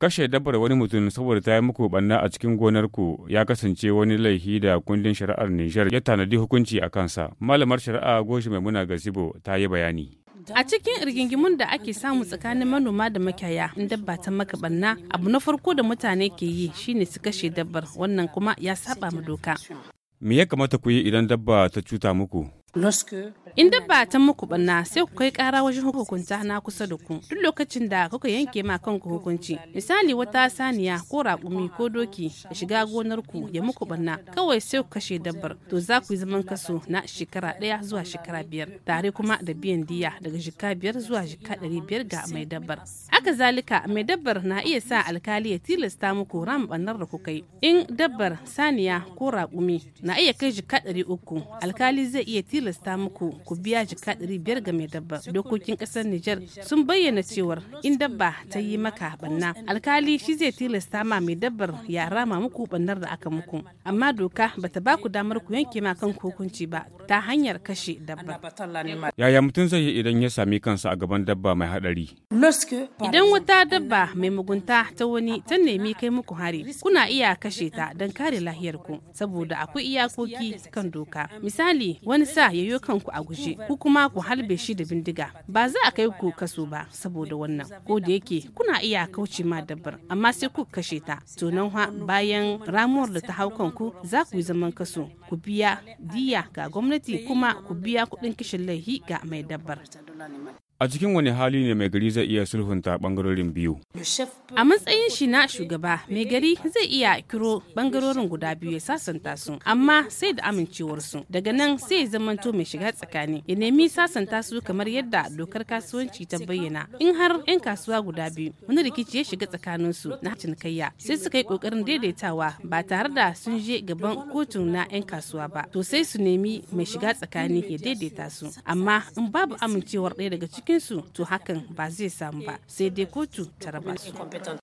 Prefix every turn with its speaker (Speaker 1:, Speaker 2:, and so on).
Speaker 1: Kashe dabbar wani mutum saboda ta yi muku banna a cikin gonarku ya kasance wani laifi da kundin shari'ar Nijar ya tanadi hukunci a kansa. Malamar shari'a Goshi Maimuna Gazibo ta yi bayani.
Speaker 2: A cikin rigingimun da ake samu tsakanin manoma da makiyaya in dabba ta maka banna abu na farko da mutane ke yi shine su kashe dabbar wannan kuma ya saba ma doka.
Speaker 1: Me ya kamata ku yi idan dabba ta cuta muku?
Speaker 2: in dabba ta muku banna sai ku kai kara wajen hukunta na kusa da ku duk lokacin da kuka yanke ma kanku hukunci misali wata saniya ko raƙumi ko doki ya shiga gonar ku ya muku banna kawai sai ku kashe dabbar to za ku yi zaman kaso na shekara ɗaya zuwa shekara biyar tare kuma da biyan diya daga jika biyar zuwa jika ɗari biyar ga mai dabbar haka zalika mai dabbar na iya sa alkali ya tilasta muku ram bannar da kuka yi in dabbar saniya ko raƙumi na iya kai jika ɗari uku alkali zai iya tilasta muku ku biya jika ɗari biyar ga mai dabba dokokin ƙasar Nijar sun bayyana cewar in dabba ta yi maka banna alkali shi zai tilasta ma mai dabbar ya rama muku bannar da aka muku amma doka bata ba ku damar ku yanke ma kan hukunci ba ta hanyar kashe dabba.
Speaker 1: Yaya mutum zai yi idan ya sami kansa a gaban dabba mai haɗari?
Speaker 2: Idan wata dabba mai mugunta ta wani ta nemi kai muku hari kuna iya kashe ta don kare lahiyar ku saboda akwai iyakoki kan doka misali wani sa yayo kanku a guje ku kuma ku halbe shi da bindiga ba za a kai ku kaso ba saboda wannan ko da yake kuna iya kauce ma dabbar amma sai ku kashe ta to nan bayan ramuwar da ta hau kanku za ku yi zaman kaso ku biya diya ga gwamnati kuma ku biya kuɗin kishin laihi ga mai dabbar
Speaker 1: A cikin wani hali ne mai gari zai iya sulhunta bangarorin biyu?
Speaker 2: A matsayin shi na shugaba, mai gari zai iya kiro bangarorin guda biyu ya sasanta su, amma sai da amincewar su Daga nan sai ya zamanto mai shiga tsakani, ya nemi sasanta su kamar yadda dokar kasuwanci ta bayyana. In har 'yan kasuwa guda biyu, wani rikici ya shiga tsakaninsu na cinikayya, sai suka yi kokarin daidaitawa ba tare da sun je gaban kotun na 'yan kasuwa ba. To sai su nemi mai shiga tsakani ya daidaita su. Amma in babu amincewar ɗaya daga cikin haƙoƙinsu to hakan ba zai samu ba sai dai kotu ta raba su